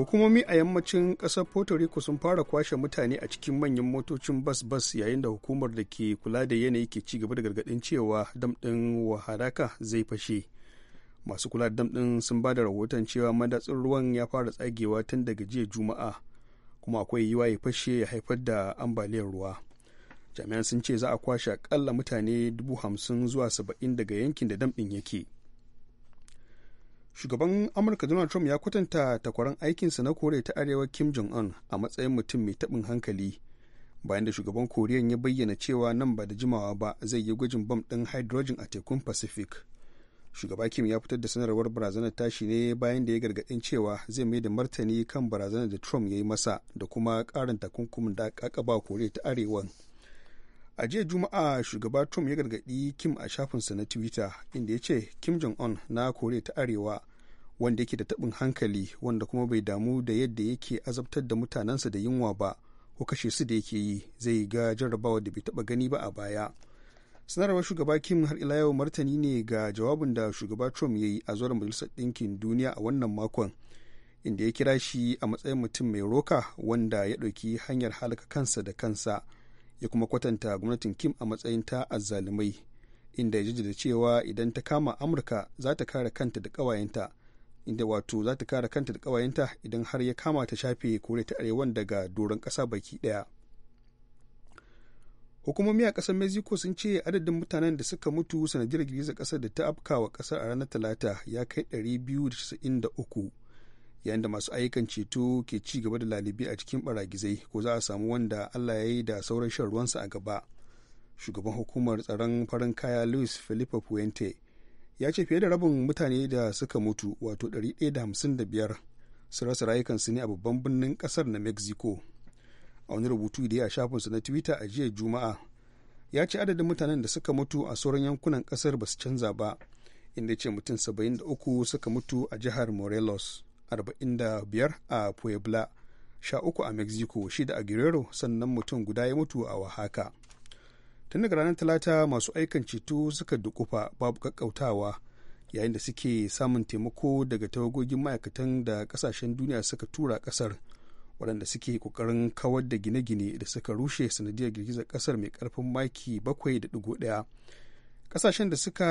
hukumomi a yammacin kasar puerto rico sun fara kwashe mutane a cikin manyan motocin bas-bas yayin da hukumar da ke kula da yanayi ke ci gaba da gargadin cewa dam ɗin waharaka zai fashe masu kula da dam ɗin sun ba da rahoton cewa madatsin ruwan ya fara tsagewa tun daga jiya juma'a kuma akwai yiwa ya fashe ya haifar da ambaliyar ruwa jami'an sun ce za a kwashe akalla mutane dubu hamsin zuwa saba'in daga yankin da dam ɗin yake shugaban amurka donald trump ya kwatanta takwaran aikinsa na koriya ta arewa kim jong-un a matsayin mutum mai tabin hankali bayan da shugaban koriyan ya bayyana cewa nan ba da jimawa ba zai yi gwajin bam ɗin hydrogen a tekun pacific shugaba kim ya fitar da sanarwar barazanar tashi ne bayan da ya gargaɗin cewa zai mai da martani kan barazanar da trump ya yi masa da kuma ƙarin takunkumin da aka ba koriya ta arewa a jiya juma'a shugaba trump ya gargaɗi kim a shafinsa na twitter inda ya ce kim jong-un na koriya ta arewa wanda yake da taɓin hankali wanda kuma bai damu da yadda yake azabtar da mutanensa da yunwa ba ko kashe su da yake yi zai ga jarrabawa da bai taɓa gani ba a baya sanarwar shugaba kim har ila yau martani ne ga jawabin da shugaba trump ya yi a zuwan majalisar ɗinkin duniya a wannan makon inda ya kira shi a matsayin mutum mai roka wanda ya ɗauki hanyar halaka kansa da kansa ya kuma kwatanta gwamnatin kim a matsayin ta azzalumai inda ya jaddada cewa idan ta kama amurka za ta kare kanta da ƙawayenta inda wato za ta kare kanta da ƙawayenta idan har ya kama ta shafe kore ta arewa daga doron ƙasa baki ɗaya hukumomi a ƙasar mexico sun ce adadin mutanen da suka mutu sanadiyar girgizar ƙasar da ta afkawa ƙasar a ranar talata ya kai 293 yayin da masu ayyukan ceto ke ci gaba da lalibi a cikin baragizai ko za a samu wanda allah ya yi da sauran shan ruwansa a gaba shugaban hukumar tsaron farin kaya luis felipe puente ya ce fiye da rabin mutane da suka mutu wato 155 su rasa rayukan su ne a babban birnin kasar na mexico a wani rubutu da ya su na twitter a jiya juma'a ya ce adadin mutanen da suka mutu a sauran yankunan kasar ba su canza ba inda ce mutum 73 suka mutu a jihar morelos 45 a puebla 13 a mexico 6 a guerrero sannan mutum guda ya mutu a wahaka. tun daga ranar talata masu aikan ceto suka dukufa babu kakkautawa yayin da suke samun taimako daga tawagogin ma'aikatan da kasashen duniya suka tura kasar waɗanda suke kokarin kawar da gine-gine da suka rushe sanadiyar girgizar kasar mai karfin maki bakwai da ɗaya kasashen da suka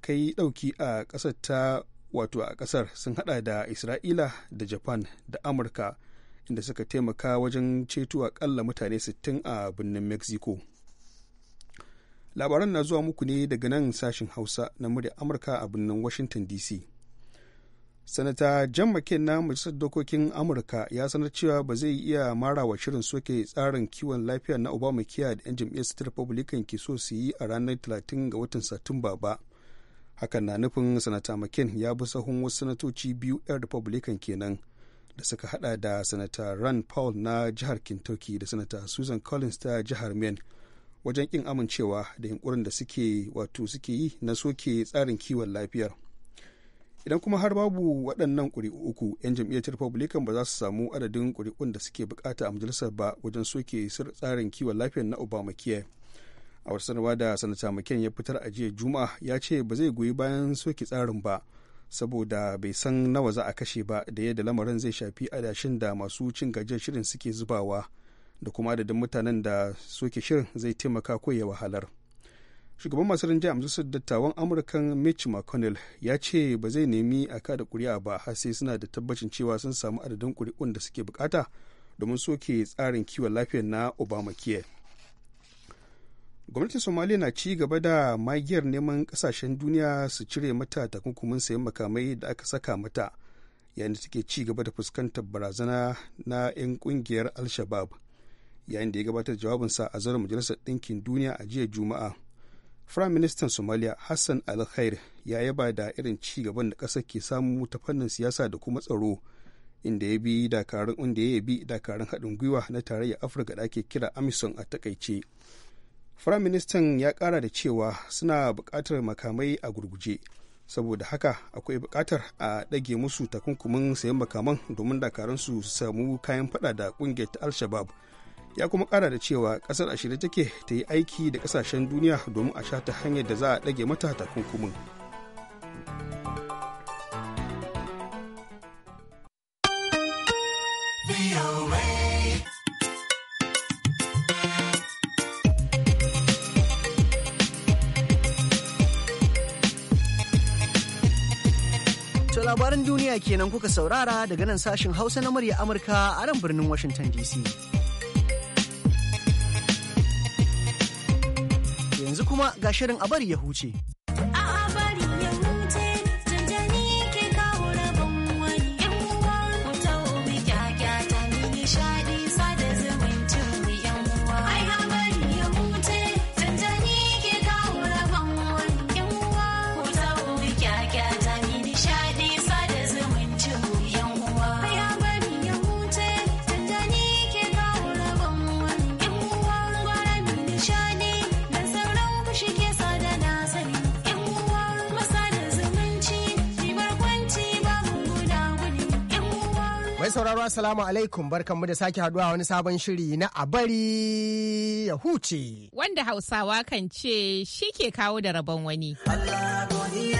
kai ɗauki a ƙasar ta wato a ƙasar sun hada da isra'ila da japan da amurka inda suka taimaka wajen ceto akalla mutane 60 a birnin mexico labaran na zuwa muku ne daga nan sashen hausa na murya amurka a birnin washington dc sanata jan mccain na majalisar dokokin amurka ya sanar cewa ba zai iya marawa shirin soke tsarin kiwon lafiya na obamacare da 'yan jam'iyyar state republican ke so su yi a ranar 30 ga watan satumba ba hakan na nufin sanata mccain ya bi sahun wasu sanatoci biyu 'yan republican kenan da suka hada da sanata ran paul na jihar kentucky da sanata susan collins ta jihar maine wajen kin amincewa da yunkurin da suke wato suke yi na soke tsarin kiwon lafiyar idan kuma har babu waɗannan ƙuri'u uku 'yan jam'iyyar republican ba za su samu adadin ƙuri'un da suke bukata a majalisar ba wajen soke tsarin kiwon lafiyar na obamacare a wata sanarwa da sanata mccain ya fitar a jiya juma'a ya ce ba zai goyi bayan soke tsarin ba saboda bai san nawa za a kashe ba da yadda lamarin zai shafi adashin da masu cin gajiyar shirin suke zubawa da kuma adadin mutanen da suke shirin zai taimaka ko ya wahalar shugaban masu rinjaye a majalisar dattawan amurkan mitch mcconnell ya ce ba zai nemi a kada kuri'a ba har sai suna da tabbacin cewa sun samu adadin kuri'un da suke bukata domin soke tsarin kiwon lafiya na obamacare gwamnatin somaliya na ci gaba da magiyar neman kasashen duniya su cire mata takunkumin sayan makamai da aka saka mata yayin da take ci gaba da fuskantar barazana na 'yan kungiyar al-shabab yayin da ya gabatar jawabinsa a zaren majalisar ɗinkin duniya a jiya juma'a firayim ministan somaliya hassan alkhair ya yaba da irin ci gaban da ƙasar ke samu ta fannin siyasa da kuma tsaro inda ya bi dakarun inda ya bi dakarun haɗin gwiwa na tarayya afirka da ake kira amison a takaice firayim ministan ya ƙara da cewa suna buƙatar makamai a gurguje saboda haka akwai buƙatar a ɗage musu takunkumin sayan makaman domin dakaransu su samu kayan faɗa da ƙungiyar ta al-shabab ya kuma kara da cewa kasar a shirye take ta yi aiki da kasashen duniya domin a sha ta hanyar da za a ɗage mata takunkumin labaran duniya kenan kuka saurara daga nan sashin hausa na murya amurka a nan birnin washington dc Yanzu kuma ga shirin a bari ya huce. sauraro assalamu alaikum barkanmu da sake haduwa wani sabon shiri na abari ya huce. Wanda Hausawa kan ce shi ke kawo da rabon wani. Allah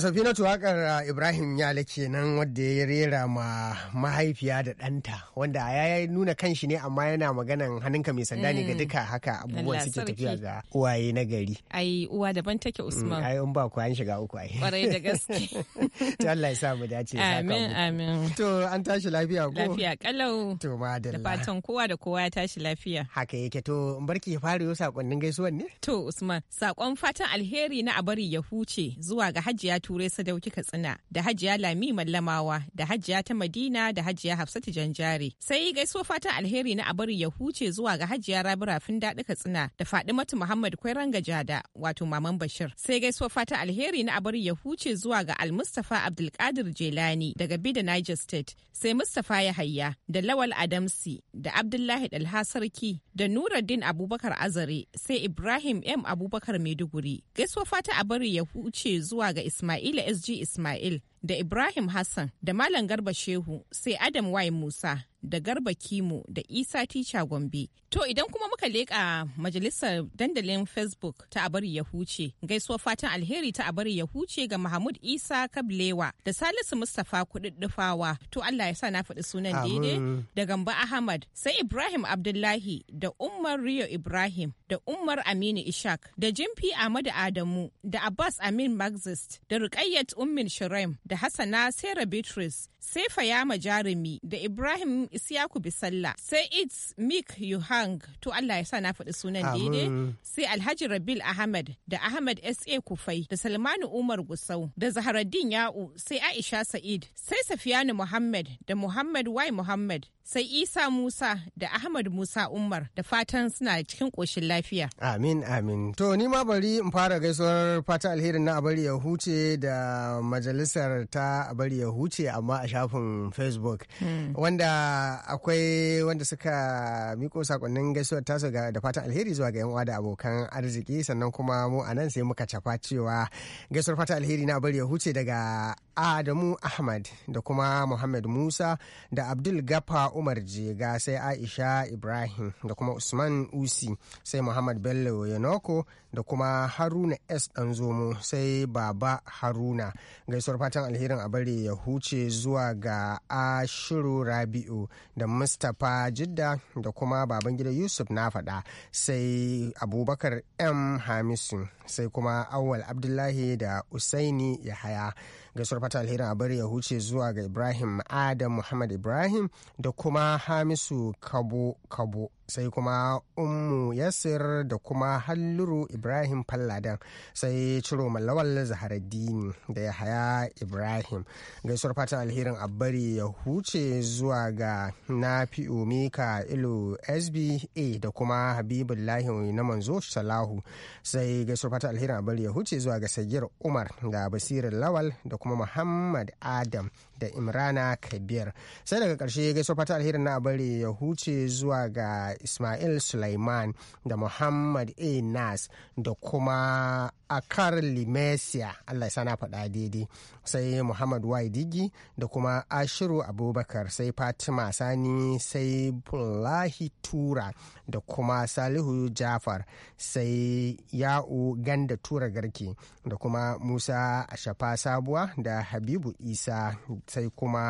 To na tuwakar uh, Ibrahim Yala kenan wadda ya rera ma mahaifiya da ɗanta wanda ya nuna kanshi ne amma yana maganan hannunka mai sanda ne ga mm. duka haka abubuwan suke tafiya ga uwaye na gari. Ai uwa daban take mm, Usman. Ai in ba ku an shiga uku ai. Kwarai da gaske. To Allah ya sa mu dace. Amin amin. To an tashi lafiya ko? Lafiya kalau. To madalla. Da fatan kowa da kowa ya tashi lafiya. Haka yake to barki ya fara yau sakonnin gaisuwan ne? To Usman sakon fatan alheri na abari ya huce zuwa ga Hajiya Turai Sadauki Katsina da Hajiya Lami Mallamawa da Hajiya ta Madina da Hajiya Hafsatu Janjare. Sai gaisuwa fatan alheri na abari ya huce zuwa ga Hajiya Rabi Rafin Daɗi Katsina da Fadimatu Muhammad Kwairan Gajada wato Maman Bashir. Sai gaisuwa fatan alheri na abari ya huce zuwa ga Almustafa Abdulkadir Jelani daga Bida Niger State. Sai Mustafa Yahaya da Lawal Adamsi da Abdullahi Dalha Sarki da Nuruddin Abubakar Azare sai Ibrahim M Abubakar Maiduguri. Gaisuwa fata a bari ya huce zuwa ga Ismail Ismaila SG Ismail da Ibrahim Hassan da Malam Garba Shehu sai Adam Y Musa da Garba Kimo da Isa Ticha Gombe. To idan kuma muka leƙa majalisar dandalin Facebook ta Abari ya huce, gaisuwa fatan alheri ta Abari ya huce ga Mahmud Isa Kablewa da Salisu Mustapha kuɗuɗɗufawa To Allah ya sa na faɗi sunan daidai da Gamba Ahmad, sai Ibrahim Abdullahi da Umar Riyo Ibrahim da Umar Aminu Ishak da Jimfi Ahmadu Adamu da Abbas Amin maxist da Rukayyat Ummin Shirem da Hassana Sarah Beatrice sai Fayama Jarumi da Ibrahim Isiyaku Bisalla sai It's Mik Yuhang to Allah ya sa na faɗi sunan daidai sai Alhaji Rabil Ahmad da Ahmad SA Kufai da Salmanu Umar Gusau da Zaharaddin Ya'u sai Aisha Sa'id sai Safiyanu Muhammad da Muhammad Y Muhammad sai Isa Musa da Ahmad Musa Umar da fatan suna cikin ƙoshin lafiya. Amin amin. To ni ma bari in fara gaisuwar fata alherin na abari ya huce da majalisar ta abari ya huce amma a shafin Facebook hmm. wanda akwai wanda suka miko sakonnin gaisuwar tasu da fatan alheri zuwa ga uwa da abokan arziki sannan kuma mu a nan sai muka cafa cewa gaisuwar fatan alheri na bari ya huce daga Adamu Ahmad da kuma Muhammad Musa da Abdul Gafa Umar Jega sai Aisha Ibrahim da kuma Usman Usi sai Muhammad Bello Yanoko da kuma Haruna S Danzomo sai Baba Haruna gaisuwar fatan alherin a bari ya huce zuwa ga Ashiru Rabi'u da Mustapha Jidda da kuma Babangida Yusuf na faɗa sai Abubakar M Hamisu sai kuma Awal Abdullahi da Usaini ya haya. gaisuwar fata alherin a bari ya huce zuwa ga Ibrahim Adam Muhammad Ibrahim da kuma Hamisu Kabo Kabo sai kuma ummu yasir da kuma halluru ibrahim falladan sai ciro mallawal zaharaddini da ya haya ibrahim gaisuwar fatan alherin abbari ya huce zuwa ga nafi'u mika ilu sba da kuma habibullahi na manzo salahu sai gaisuwar fatan alherin abbari ya huce zuwa ga sayyar umar da basirin lawal da kuma muhammad adam da imrana kabir sai daga ƙarshe gaiso fata alherin na bari ya huce zuwa ga ismail sulaiman da muhammad a nas da kuma akar limesia allah sana faɗa daidai sai muhammad digi da kuma ashiru abubakar sai fatima sani sai bulahi tura da kuma salihu jafar sai ya'u ganda tura garki da kuma musa ashafa sabuwa da habibu isa sai kuma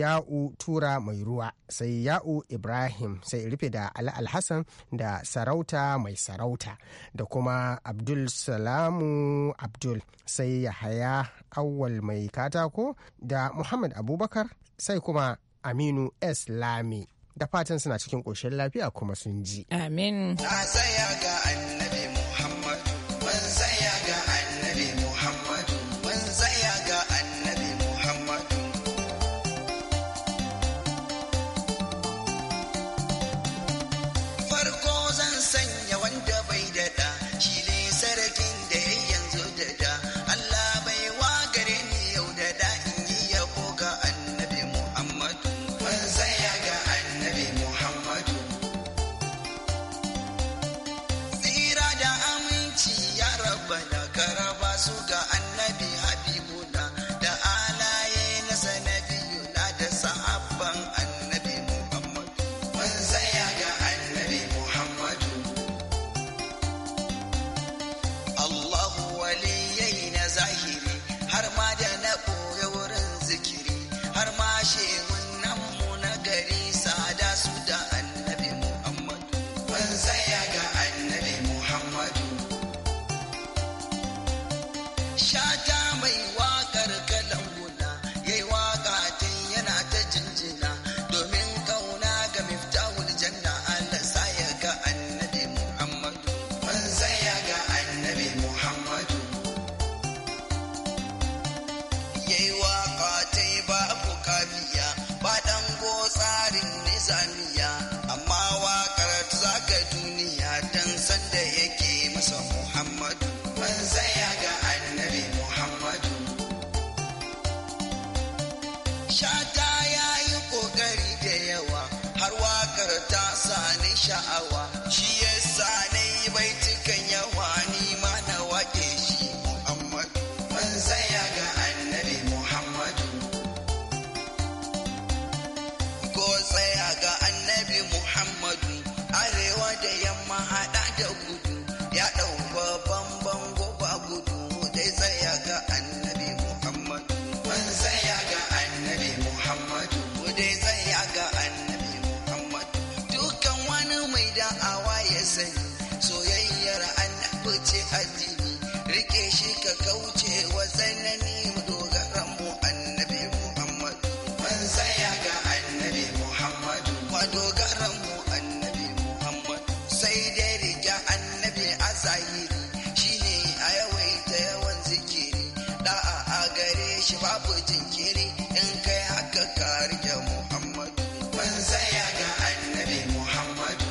ya'u tura mai ruwa sai ya'u ibrahim sai rufe da ali alhassan da sarauta mai sarauta da kuma abdul salamu abdul sai yahaya awwal mai katako da muhammad abubakar sai kuma aminu s lami da fatan suna cikin ƙoshin lafiya kuma sun ji amin maganar ta sani sha'awa shi babu jinkiri in kai haka ka rike Muhammadu. Ban tsaya ga annabi Muhammadu.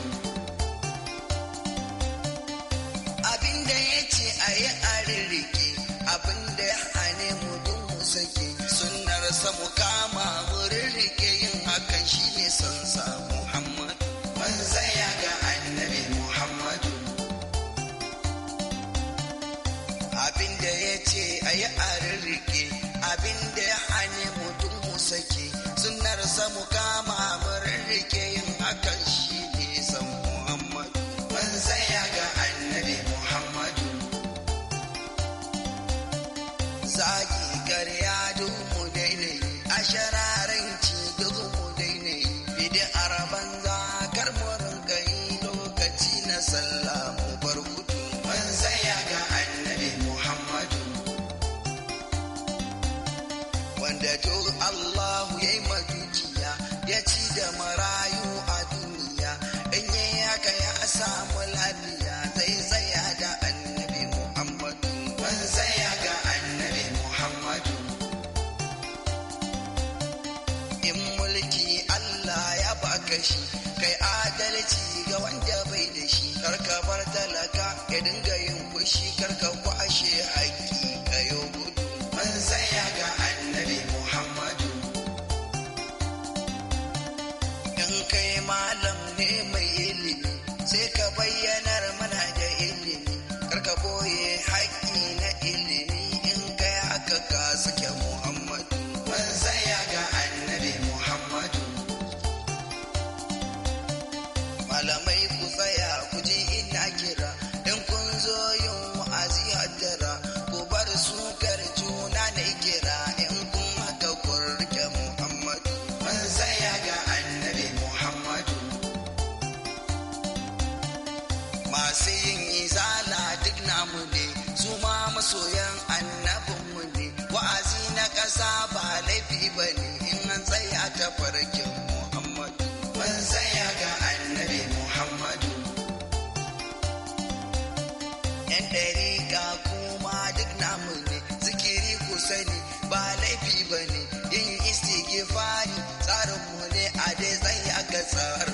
Abinda ya ce a yi a rirrike, abinda ya hane mu dun mu sake, sunnar sa mu kama mu rirrike yin hakan shi ne son sa Muhammadu. Ban tsaya ga take sunnar samu kama bar rike yin hakan shi ne san muhammadu ban tsaya ga annabi muhammadu zagi karya duk mu daina, a ci duk mu daina, bidi araban zakar mu rinka yi lokaci na sallah mu bar hutu ban tsaya ga annabi muhammadu wanda duk allah shi kai adalci ga wanda bai da shi karka bar talaka ya dinga yin fushi karka kwashe haƙi tafarkin Muhammadu ban tsaya ga annabi Muhammadu yan ɗariƙa kuma duk namu ne zikiri ku sani ba laifi ba ne yin istighfari tsarinmu ne a dai tsaya ga tsaro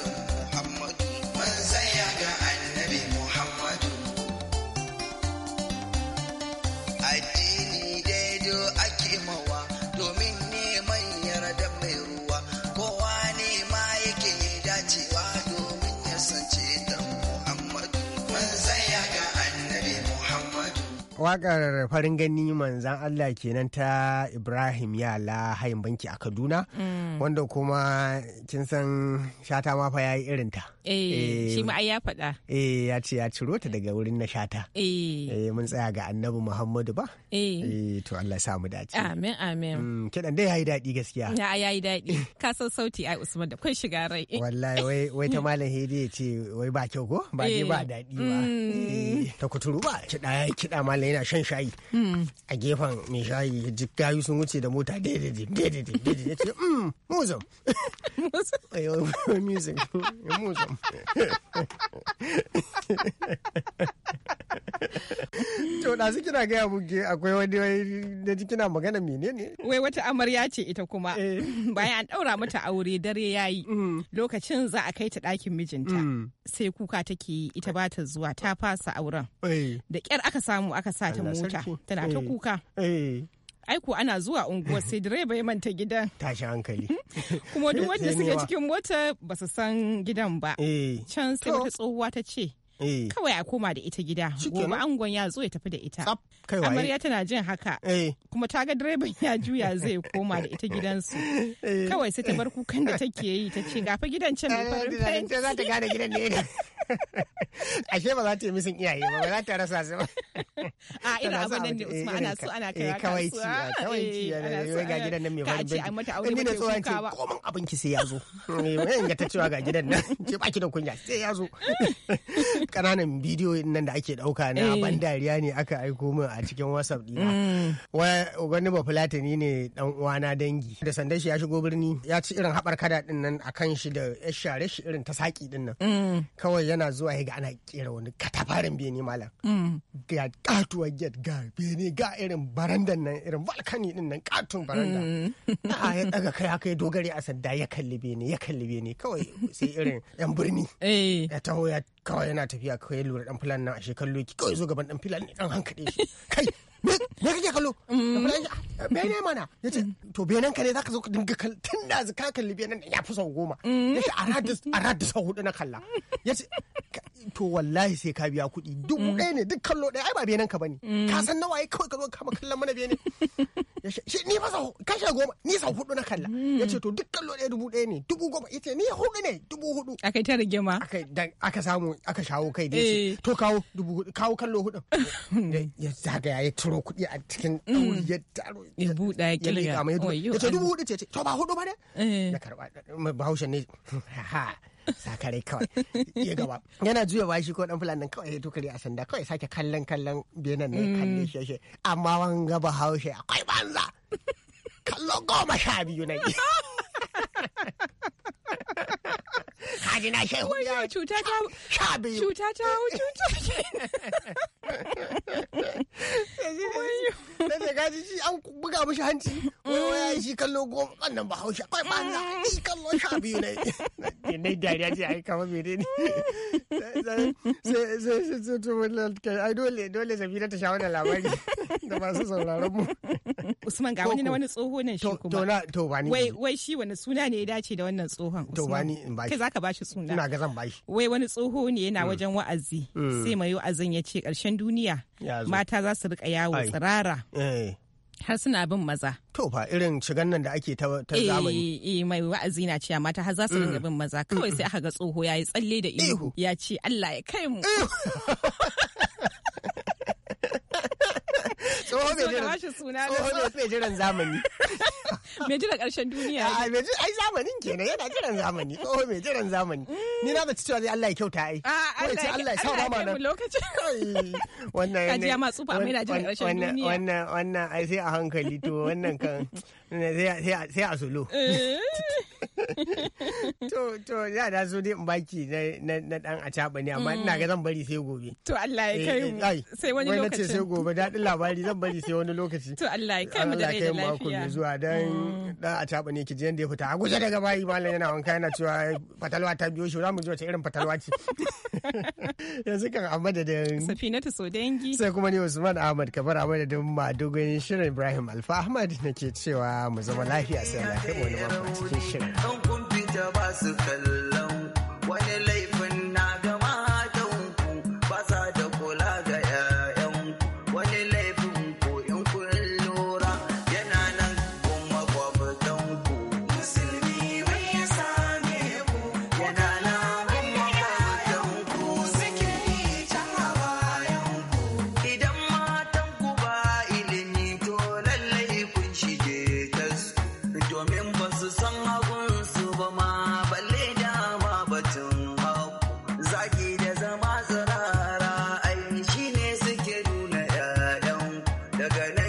wakar farin gani manzan Allah kenan ta Ibrahim Yala hayin banki a Kaduna mm. wanda kuma kin san shata mafa fa yayi irinta. Eh, eh shi ma ya faɗa eh ya ce ya ciro ta daga wurin na shata eh, eh mun tsaya ga annabi muhammadu ba eh, eh to Allah samu dace amin amin mm, kidan dai yayi daɗi gaskiya ya yayi daɗi ka san sauti ai usman da kun shiga rai wallahi wai wai ta malam hidi ya ce wai ba kyau ko ba dai ba daɗi ba mm. ta kuturu ba kiɗa yayi kiɗa malam yana shan shayi mm. a gefen mai shayi jikayu sun wuce da mota daidai daidai daidai ya ce muzum muzum muzum To da su kina gaya muke akwai wani da kina magana menene? Wai wata amarya ce ita kuma eh. bayan an ɗaura mata aure dare yayi mm. lokacin za a kai ta ɗakin mijinta mm. sai kuka take yi ita ba ta zuwa ta fasa auren. Eh. Da ƙyar aka samu aka sa ta mota tana ta eh. kuka. aiko ana zuwa unguwar sai direba ya manta gidan tashi hankali kuma duk wanda suke cikin mota ba su san gidan ba eh. can sai wata tsohuwa ta ce Eh. kawai a koma da ita gida gobe angon ya zo ya tafi da ita amarya tana jin haka eh. kuma ta ga direban ya juya zai koma da ita gidansu eh. kawai sai ta bar kukan da take yi ta ce gafa gidan can mai farin fenti za ta gane gidan ne ashe ba za ta yi misin iyaye ba ba za ta rasa su ba a ina abin nan ne usman ana so ana kai kawai ci kawai ci ana ga gidan nan mai farin fenti a mata aure mace tsohon ce komin abin ki sai ya zo eh ga ta cewa ga gidan nan ce baki da kunya sai ya zo Kananan bidiyo nan da ake ɗauka na eh. ban dariya ne aka aiko min a cikin whatsapp dina mm. wani ba fulatani ne dan uwana dangi da sandan shi ya shigo birni ya ci irin haɓar kada din nan a kan shi da ya share shi irin ta saki din nan mm. kawai yana zuwa ya ga ana kera wani katafarin bene malam mm. ga katuwa get ga bene ga irin barandan nan irin balkani din nan katun baranda a ya daga kai haka ya dogare a sanda ya kalli bene ya kalli bene kawai sai irin yan birni eh. ya taho ya kawai yana tafi tafiya kawai lura dan filan nan a shekaru ki kawai zo gaban dan filan ne dan hankali shi kai me kake kallo mm. ah, bene mana ya ce to benen ka ne zaka zo ka dinga kal tun da ka kalli benen ya fi sau goma mm. ya ce a rada sau hudu na kalla ya ce to wallahi sai ka biya kuɗi duk mm. ɗaya ne duk kallo ɗaya ai ba benen ka bane ka san nawa ai kawai ka zo ka kalla mana bene ya ce ni fa sau kashe goma ni sau hudu na kalla ya ce to duk kallo ɗaya dubu ɗaya ne dubu goma ya ce ni hudu ne dubu hudu akai ta ma aka samu aka shawo kai dai eh. to kawo dubu hudu kawo kallo hudu ya zagaya ya turo kuɗi a cikin mm. ɗauri ya taro ya buɗa ya kirga ya ce dubu hudu ce ce to ba hudu ba ne eh. ya karba bahaushen ne ha kare kawai ya gaba yana juya shi ko dan fulani kawai ya tukari a sanda kawai sake kallon kallon benan ne kalle mm. shi amma wanga bahaushe akwai banza kallo goma sha biyu na yi kaji na shehu ya cuta ta sha biyu cuta ta cuta da gaji shi an buga mishi hanci wai waya shi kallo goma ba hausha kai eh. shi kallo sha biyu ne ne dariya ce ai kama mene ne sai sai sai to ai dole dole ta sha wannan labari da masu sauraron mu Usman ga wani na wani tsoho nan shi kuma to to wani wai wai shi wani suna ne ya dace da wannan tsohon to wani ba zaka ka bashi suna ina ga zan bashi wai wani tsoho ne yana hmm. wajen wa'azi hmm. sai mai wa'azin ya ce karshen duniya mata za su rika yawo tsirara eh. har suna bin maza. To fa irin shigan nan da ake ta eh, zamani. Eh mai wa'azi na cewa mata har za su hmm. rika bin maza kawai sai aka ga tsoho yayi tsalle da ihu ya ce Allah ya kai mu. tsoho ne jiran zamani Me jira ƙarshen duniya. ai zamanin kenan yana jiran zamani. Oh me jiran zamani. Ni na zaci cewa zai Allah ya kyauta ai. Ko ce Allah ya sa rama nan. Lokacin. Wannan ne. Kaji ma tsufa mai na jiran ƙarshen duniya. Wannan wannan ai sai a hankali to wannan kan sai a solo. Eh. to to ya da su dai in baki na na dan caba ne amma ina ga mm. zan bari sai gobe to Allah ya eh, kai eh, mu sai wani lokaci sai gobe dadin labari zan bari sai wani lokaci to Allah ya kai mu da lafiya zuwa dan Mm. da a caba ne ki ji yanda ya fita a guje daga bayi malam yana wanka yana cewa fatalwa ta biyo shi za mu ji wace irin fatalwa ce yanzu kan da dan safinatu so dangi sai kuma ni usman ahmad kamar a madadin madogon shirin ibrahim alfa ahmad nake cewa mu zama lafiya sai lafiya wani mafi cikin shirin wani daga nan